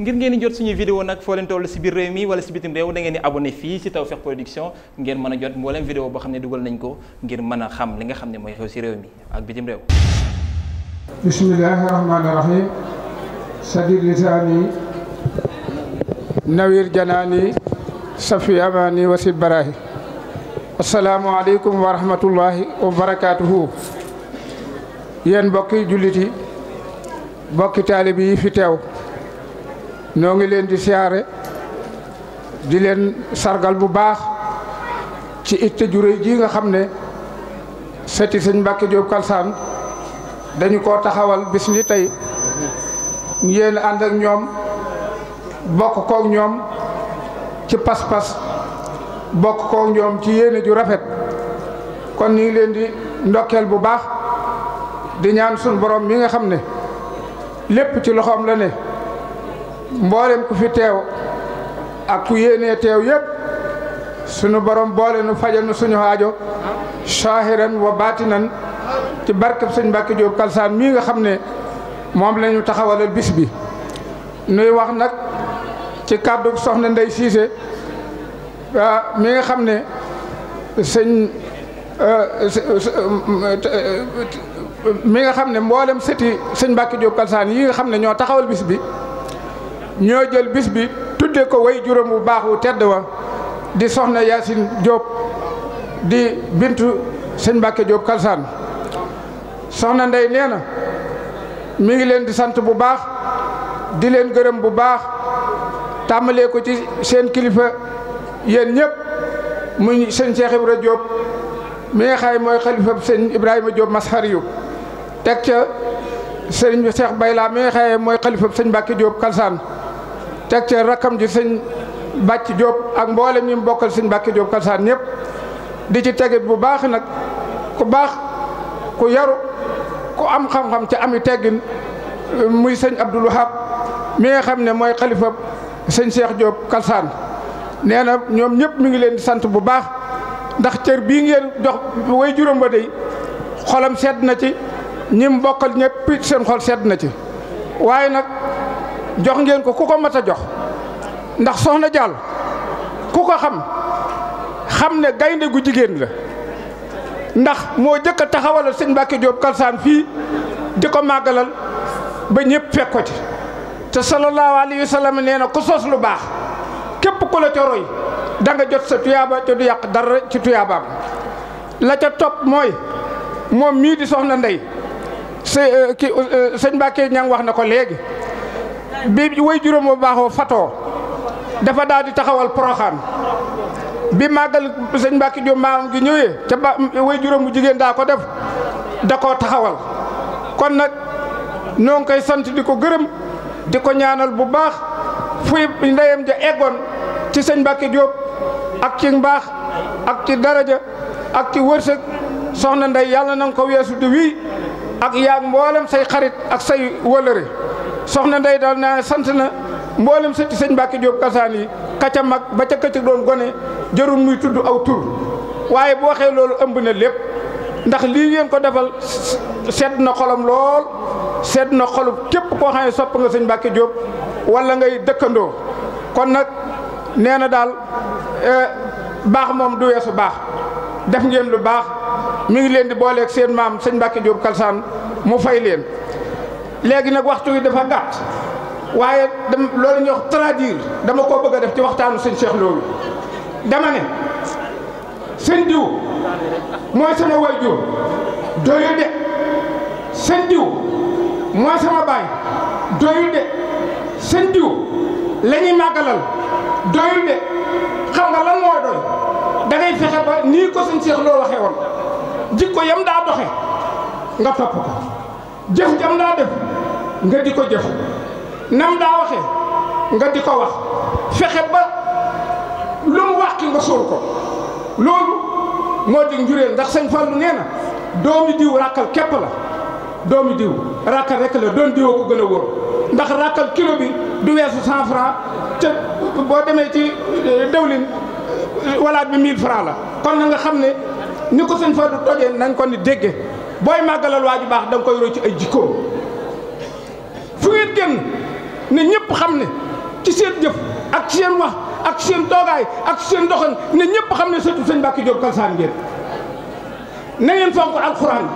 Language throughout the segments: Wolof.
ngir ngeen di jot suñu vidéo nag foo leen toll si biir réew mi wala si bitim réew da ngeen di abonné fii si Tawfekh Production ngeen mën a jot mbooleem vidéo boo xam ne dugal nañ ko ngir mën a xam li nga xam ne mooy xew si réew mi ak bitim réew bismillahi rahmaani rahim sadir lisaani nawir janaani safi amaani wasi baraahi asalaamualeykum wa rahmatullahi wa barakaatuhu yéen mbokki jullit yi mbokki taalib yi fi teew noo ngi leen di siyaare di leen sargal bu baax ci itte ju ji nga xam ne seti sëñ Mbàkke Jóob Kalsaan dañu ko taxawal bis ni tey yéen ànd ñoom bokk koog ñoom ci pas-pas bokk koog ñoom ci yéene ju rafet kon ñu ngi leen di ndokkeel bu baax di ñaan sun borom mi nga xam ne lépp ci loxoom la ne mboolem ku fi teew ak ku yéenee teew yépp suñu borom boole nu fajal nu suñu aajo saahiran wa baatinan ci barkab sëñ Mbàkke Jóob Kalsaan mii nga xam ne moom lañu taxawalal bis bi nuy wax nag ci kàddu soxna Ndey Siise ah, mi nga xam ne sëñ ah, mi nga xam ne mboolem sëti sëñ Mbàkke Jóob Kalsaan yi nga xam ne ñoo taxawal bis bi ñoo jël bis bi tudde ko way juróom bu baax wu tedd wa di soxna Yaasin Diop di bintu sëñ Mbàkke Diop Kalsaan soxna ndey nee na mi ngi leen di sant bu baax di leen gërëm bu baax tàmbalee ko ci seen kilifa yéen ñëpp muy sëñ Cheikh Ibra Diop mi nga mooy xalifa sëñ Ibrahima Diop Masxar teg ca sëñ Cheikh Bayla mi nga xay mooy xalifa sëñ Mbàkke Diop Kalsaan teg ca rakkam ji sëñ bàcc jóob ak mboolem ñi bokkal sëñ Mbàkke Diop Kalsaan ñëpp di ci tegit bu baax nag ku baax ku yaru ku am xam-xam ca ami teggin muy sëñ Abdul Wahab mi nga xam ne mooy xalifa sëñ Cheikh Diop Kalsaan nee na ñoom ñëpp mi ngi leen sant bu baax ndax cër bii ngeen jox way juróom ba dey xolam sedd na ci ñi mu bokkal ñëpp seen xol sedd na ci waaye nag jox ngeen ko ku ko mat a jox ndax soxna Diallo ku ko xam xam ne gaynde gu jigéen la ndax moo jëkk a taxawalal sëñ Mbacke Diop Kalsaan fii di ko màggalal ba ñëpp fekk ko ci te sallallahu alayhi wa sallam nee na ku sos lu baax képp ku la ca roy jot sa tuyaaba te du yàq dara ci tuyaabaam la ca topp mooy moom mii di soxna ndey euh, euh, sëñ Mbacke ñang wax na ko léegi. bi way juróom bu baaxoo fatoo dafa daal di taxawal poroxaan bi màggal sëñ Mbacke Diop maam gi ñëwee ca ba way juróom bu jigéen daa ko def da koo taxawal kon nag ñoo ngi koy sant di ko gërëm di ko ñaanal bu baax fuy ndeyam ja eggoon ci sëñ Mbacke Diop ak ci mbaax ak ci daraja ak ci wërsëg soxna ndey yàlla na ko weesu di wii ak yaag mboolem say xarit ak say wëlëre soxna Ndeye daal naa sant na mboolem sëtti sëñ Mbacke Diop kasaan yi kaca mag ba ca këcc doon gone jarul muy tudd aw tur waaye boo waxee loolu ëmb na lépp ndax lii ngeen ko defal sedd na xolam lool sedd na xolu képp koo xam ne sopp nga sëñ Mbacke Diop wala ngay dëkkandoo kon nag nee na daal eh, baax moom du weesu baax def ngeen lu baax mi ngi leen di booleeg seen maam sëñ Mbacke Diop Kalsaan mu fay leen. léegi nag waxtu wi dafa gàtt waaye dam loolu ñuy wax traduire dama koo bëgg a def ci waxtaanu sëñ Cheikh loolu dama ne sëñ diw mooy sama waajur doyu de sëñ diw mooy sama baay doyu de sëñ diw la ñuy màggalal doyu de xam nga lan moo doy da ngay fexe ba nii ko sëñ Cheikh loolu waxee woon jikko yam daa doxe nga topp ko jam daa def nga di ko jëf nam daa waxe nga di ko wax fexe ba lu wax ki nga suul ko loolu moo di njureel ndax sëñ Fallu nee na doomi diw ràkkal képp la doomi diw ràkkal rek la doon diwoo ko gën a wóor ndax ràkkal kilo bi du weesu cent franc te boo demee ci euh, dawlin euh, walaat bi mille franc la kon na nga xam ne ni ko sëñ Fallu tojee nañ kon ni dégge booy màggalal waa ju baax da nga koy roy ci ay jikkoom génn ne ñëpp xam ne ci seen jëf ak seen wax ak seen toogaay ak seen doxan ne ñëpp xam ne sëtu sëñ Mbàkke Jóob Kalsaan ngeen na ngeen fonk alxuraan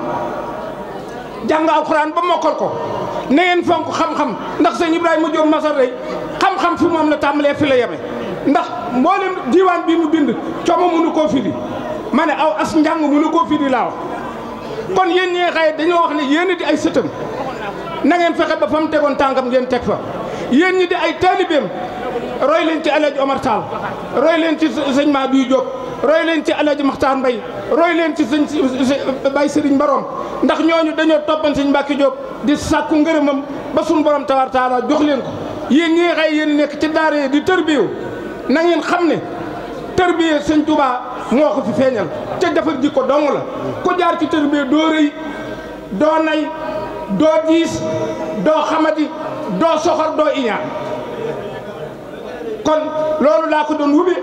jàng alxuraan ba mokkal ko na ngeen fonk xam-xam ndax sëñ Ibrahima Jóob Masar rek xam-xam fi moom la tàmbalee fi la yeme ndax mboole diiwaan bi mu bind coomo mënu koo firi ma ne aw as njàng mënu koo firi laa wax kon yéen ñee xaye dañoo wax ne yéen di ay sëtam na ngeen fexe fa mu tegoon tànkam ngeen teg fa yéen ñi di ay taalibeem roy leen ci El Hadj Omar Tall leen ci sëñ Madiou duy roy leen ci El Hadj Makhtar Mbaye roy ci sëñ Baye Serigne Barom ndax ñooñu dañoo toppan sëñ Mbacke Diop di sàkku ngërëmam ba suñu borom tawar taala jox leen ko yéen ñi xay yéen nekk ci daara yi di tërbiyu na ngeen xam ne tërbiye sëñ Touba moo ko fi feeñal ca defar ji ko dong la ku jaar ci tërbiye doo rëy doo nay doo diis doo xamati doo soxor doo iñaan kon loolu laa ko doon wube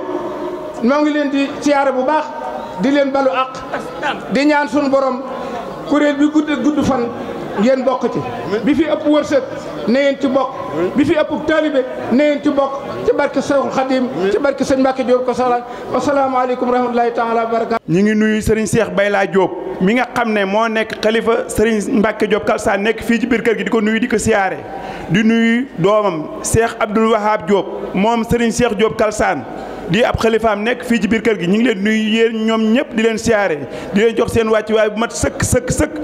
noo ngi leen di siyaare bu baax di leen balu àq di ñaan sunu borom kuréel bi gudd gudd fan ngeen bokk ci bi fi ëpp wërsëg na ngeen ci bokk bi fi ëpp taalibe na ngeen ci bokk ci barke Seexul Xadim ci barke sëñ Mbàkke Jóob ko salaam wa salaamu aleykum wa rahmatullaahi taala wa barakaatu ñi ngi nuyu sëriñ Seex Bay laa Jóob mi nga xam ne moo nekk xalifa Serigne Mbacke Diop Kalsane nekk fii ci biir kër gi di ko nuyu di ko siyaare di nuyu doomam Cheikh Abdoul Wahab Diop moom Serigne Cheikh Diop Kalsane di ab xalifaam nekk fii ci biir kër gi ñu ngi leen nuyu yéen ñoom ñëpp di leen siyaare di leen jox seen wàccuwaay bu mat sëkk sëkk sëkk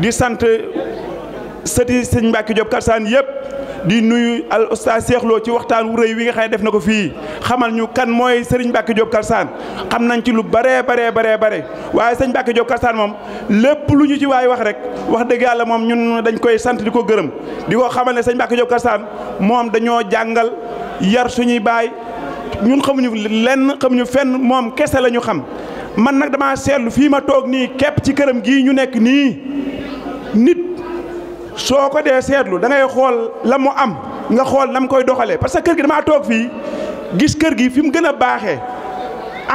di sant sëti Serigne Mbacke Diop Kalsane yëpp. di nuyu al oustaz Cheikh ci waxtaan wu rëy wi nga xam ne def na ko fii xamal ñu kan mooy Serigne Mbacke Diop Kalsane xam nañ ci lu baree baree baree bare waaye sëñ Mbacke Diop Kalsane moom lépp lu ñu ci waay wax rek wax dëgg yàlla moom ñun dañ koy sant di ko gërëm di ko xamal ne sëñ Mbacke Diop Kalsane moom dañoo jàngal yar suñuy baay ñun xamuñu lenn xamuñu fenn moom kese la ñu xam man nag damaa seetlu fii ma toog nii képp ci këram gii ñu nekk nii nit. soo ko dee seetlu dangay xool la mu am nga xool na koy doxalee parce que kër gi damaa toog fii gis kër gi fi mu gën a baaxee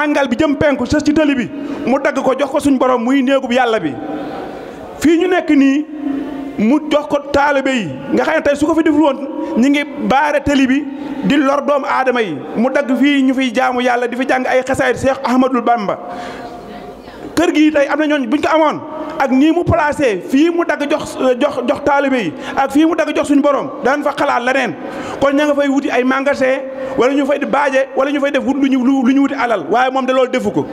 àngal bi jëm penku sës ci tëli bi mu dagg ko jox ko suñ borom muy néegub yàlla bi fii ñu nekk nii mu jox ko taalibe yi nga xam ne tey su ko fi deful woon ñi ngi baare tëli bi di lor doomu aadama yi mu dagg fii ñu fiy jaamu yàlla di fi jàng ay xasaayid Seex Ahmadul Bamba kër gi tey am na ñooñ buñ ko amoon ak nii mu placé fii mu dagg jox euh, jox jox taalibe yi ak fii mu dagg jox suñu borom daan fa xalaat la leneen kon ña nga fay wuti ay magasin wala ñu fay di baaje wala ñu fay def wut lu ñu lu ñu wuti alal waaye moom de loolu defu ko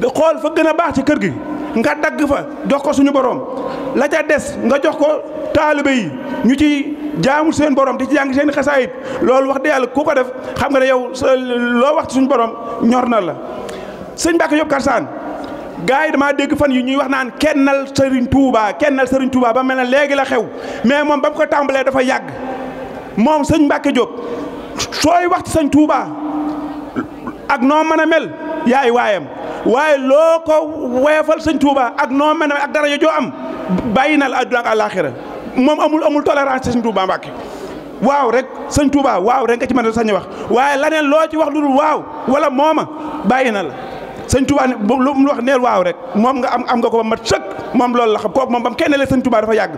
xool fa gën a baax ci kër gi nga dagg fa jox ko suñu borom la ca des nga jox ko taalibe yi ñu ci jaamu seen borom di ci jàng seen xasaayit loolu wax de yàlla ku ko def xam nga ne yow loo wax suñu borom ñor na la sëñ Mbacke Diop Karsane gars yi damaa dégg fan yi ñuy wax naan kennal Serigne Touba kennal Serigne Touba ba mel na léegi la xew mais moom ba mu ko tàmbalee dafa yàgg moom sëñ Mbacke Diop sooy wax ci sëñ Touba ak noo mën a mel yaay waayam waaye loo ko weefal sëñ Touba ak noo mën a mel ak dara joo am bàyyi nal la ak àllaaxira moom amul amul tolérance ci sëñ Touba Mbacke waaw rek sëñ Touba waaw rek nga ci mën na sañ wax waaye laneen loo ci wax lu dul waaw wala mooma bàyyi na la. sëñ Touba ne lu mu wax neel waaw rek moom nga am am nga ko ba mat sëkk moom lool la xam kooku moom ba mu kenn leen sëñ Touba dafa yàgg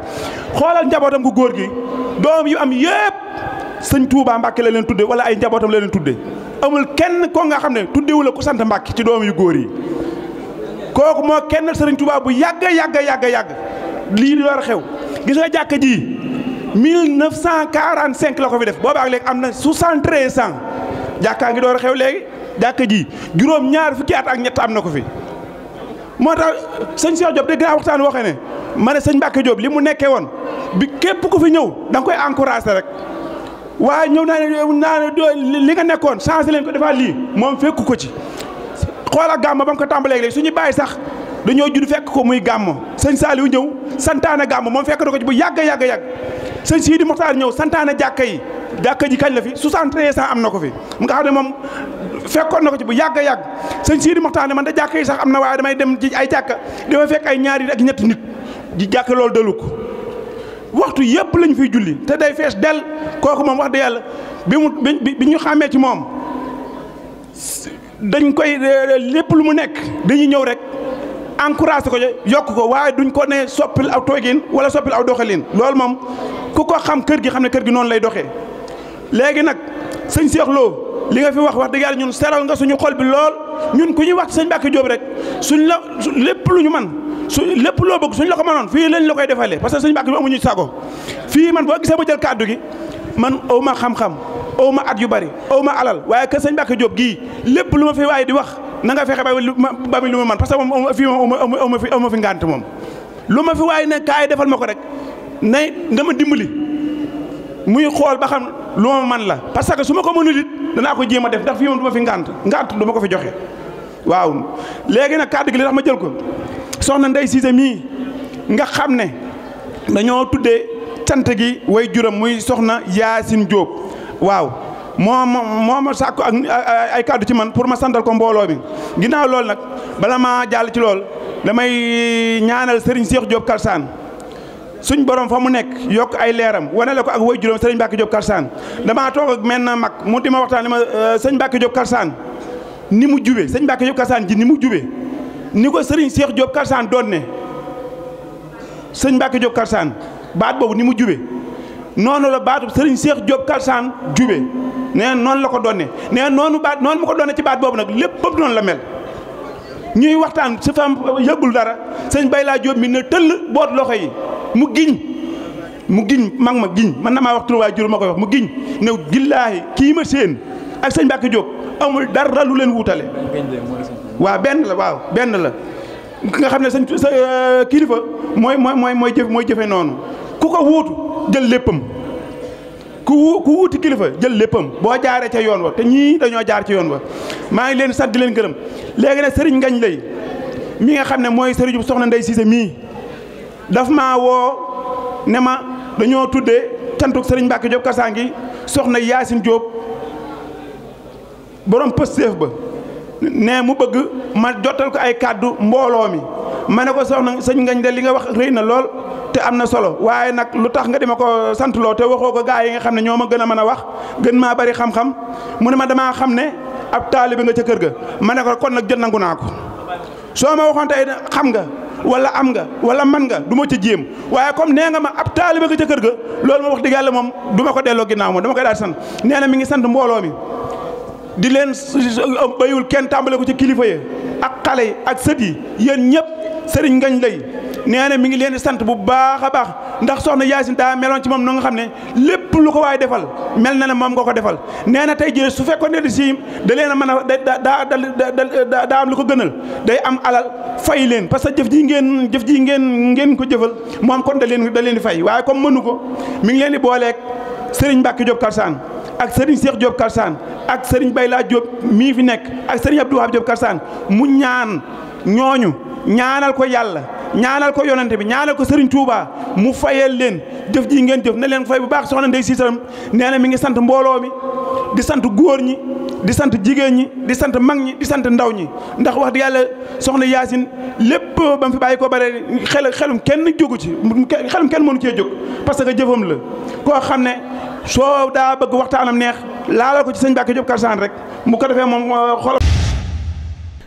xoolal njabootam gu góor gi doom yu am yépp sëñ Touba Mbàkke la leen tudde wala ay njabootam la leen tudde amul kenn ko nga xam ne tuddewu la ku sant Mbàkke ci doom yu góor yi kooku moo kenn sëriñ Touba bu yàgg yàgg yàgg yàgg lii di a xew gis nga jàkka ji 1945 la ko fi def boobaag léegi am na 73 ans jàkkaa ngi door a xew léegi. jàkka ji juróom ñaar fukki at ak ñett am na ko fi moo tax sëñ Cheikh Diop dégg naa waxtaan waxee ne ma ne sëñ Mbacke joob li mu nekkee woon bi képp ku fi ñëw da nga koy encouragé rek waaye ñëw naa ne naa ne li nga nekkoon changé leen ko defaat lii moom fekku ko ci. xoola gàmm ba nga ko tàmbalee léegi suñu bàyyi sax dañoo judd fekk ko muy gàmm sëñ Saliou ñëw santaane gàmm moom fekk na ko ci bu yàgg yàgg yàgg sëñ Sidi Mokhtar ñëw santaane jàkka yi jàkka ji kañ fi 73 ans am na ko fi moom. fekkoon na ko ci bu yàgg a yàgg sëñ Sidi Moxtaar ne man da jàkk yi sax am na waaye damay dem ci ay jàkka dafa fekk ay ñaari ak ñetti nit di jàkk loolu dalu ko waxtu yëpp lañ fiy julli te day fees del kooku moom wax dëgg yàlla bi mu bi bi ñu xàmmee ci moom dañ koy lépp lu mu nekk dañuy ñëw rek encouragé ko yokk ko waaye duñ ko ne soppil aw toogin wala soppil aw doxalin loolu moom ku ko xam kër gi xam ne kër gi noonu lay doxee léegi nag sëñ si Cheikh loo li nga fi wax wax dëgg yàlla ñun seral nga suñu xol bi lool ñun ku ñuy wax sëñ Mbacke Diop rek suñ la lépp lu ñu man su lépp loo bëgg suñ la ko mënoon fii lañ la koy defalee parce que sëñ Mbacke mu amuñu sago fii man boo gisee ba jël kàddu gi man aw ma xam-xam aw ma at yu bari aw ma alal waaye que sëñ Mbacke Diop gii lépp lu ma fi waaye di wax na nga fexe ba lu ma man parce que moom fii moom aw ma fi aw ma fi ngànt moom lu ma fi waay ne kaay defal ma ko rek nay nga dimbali muy xool ba lu ma man la parce que su ma ko mënul it danaa ko jéem a def ndax fii moom du ma fi ngant ngant du ma ko fi joxe waaw léegi nag kàddu gi li tax ma jël ko soxna ndey Cissé mii nga xam ne dañoo tuddee cant gi way juram muy soxna Yaasin Diop waaw moo moom moo ma sàkku ay kàddu ci man pour ma santal ko mbooloo mi ginnaaw loolu nag bala maa jàll ci lool damay ñaanal Serigne Cheikh Diop Kalsaan suñ borom fa mu nekk yokk ay leeram wane la ko ak way juróom sëriñ Mbacke Diop Karsane damaa toog ak menn mag mu di ma waxtaan ma euh, sëñ Mbacke Diop Karsane ni mu jube sëñ Mbacke Diop Karsane ji ni mu jube ni ko sëriñ Cheikh Diop Karsane doon sëñ Mbacke Diop Karsane baat boobu ni mu jube noonu la baatu sëriñ Cheikh Diop Karsane jube nee noonu la ko doon ne nee noonu baat noonu mu ko doon ci baat boobu nag lépp boobu noonu la mel. ñuy waxtaan su fa yëgul dara sëñ Bayla Diop mi ne tëll boot loxo yi. mu giñ mu giñ mag ma giñ man na maa wax turuwaay jur ma koy wax mu giñ ne gillaahi kii ma séen ak sëñ Mbàkke Diop amul dara lu leen wuutale waa benn la waaw benn la ki nga xam ne sëñ euh, kilifa mooy mooy mooy jëf jëfe noonu ku ko wuutu jël léppam ku ku wuuti kilifa jël léppam boo jaaree ca yoon wa te ñii dañoo jaar ci yoon wa maa ngi leen sant leen gërëm léegi nag sëriñ ngañ lay mi nga xam ne mooy sëriñu soxna Ndey Siise mii dafa ma woo ne ma dañoo tuddee cantuk sëriñ Mbacke Diop Karsangi soxna Yacine Diop borom pësteef ba ne mu bëgg ma jottal ko ay kàddu mbooloo mi ma ne ko soxna sëñ ngañ de li nga wax rëy na lool te am na solo waaye nag lu tax nga di ma ko santloo te waxoo ko gaa yi nga xam ne ñoo ma gën a mën a wax gën maa bari xam-xam mu ne ma damaa xam ne ab taalibe nga ca kër ga ma ne ko kon nag jël nangu naa ko soo ma waxoon tey xam nga. wala am nga wala man nga du ma ca jéem waaye comme nee nga ma ab taaliba nga ca kër ga loolu moo wax dëgg yàlla moom du ma ko delloo ginnaaw moom dama koy ko di sant nee na mi ngi sant mbooloo mi di leen bayul kenn tàmbale ko ci kilifa yi ak xale yi ak sët yi yéen ñëpp sëriñ ngañ lay nee mi ngi leen di sant bu baax a baax ndax soxna Yaasin daa meloon ci moom no nga xam ne lépp lu ko waay defal mel na ne moom nga ko defal nee na tey jii su fekkoon ne di siim da leen a mën a da daa da am lu ko gënal day am alal fay leen parce que jëf ji ngeen jëf ji ngeen ngeen ko jëfal moom kon da leen da leen di fay waaye comme mënu ko mi ngi leen di booleeg Serigne Mbacke Diop Kalsaan ak Serigne Cheikh Diop Kalsaan ak Serigne Bayla Diop mii fi nekk ak Serigne Abdou Wahab Diop Kalsaan mu ñaan ñooñu ñaanal ko yàlla. ñaanal ko yonante bi ñaanal ko Serigne Touba mu fayal leen jëf ji ngeen jëf ne leen fay bu baax soxna Ndeye Cissé nee na mi ngi sant mbooloo mi di sant góor ñi di sant jigéen ñi di sant mag ñi di sant ndaw ñi ndax wax di yàlla soxna Yaasin lépp ba mu fi bàyyi ko bare xel xelum kenn jógu ci xelum kenn mënu cee jóg parce que jëfam la koo xam ne soo daa bëgg waxtaanam neex laalal ko ci sëñ Mbacke Diop Kalsane rek mu ko defee moom xool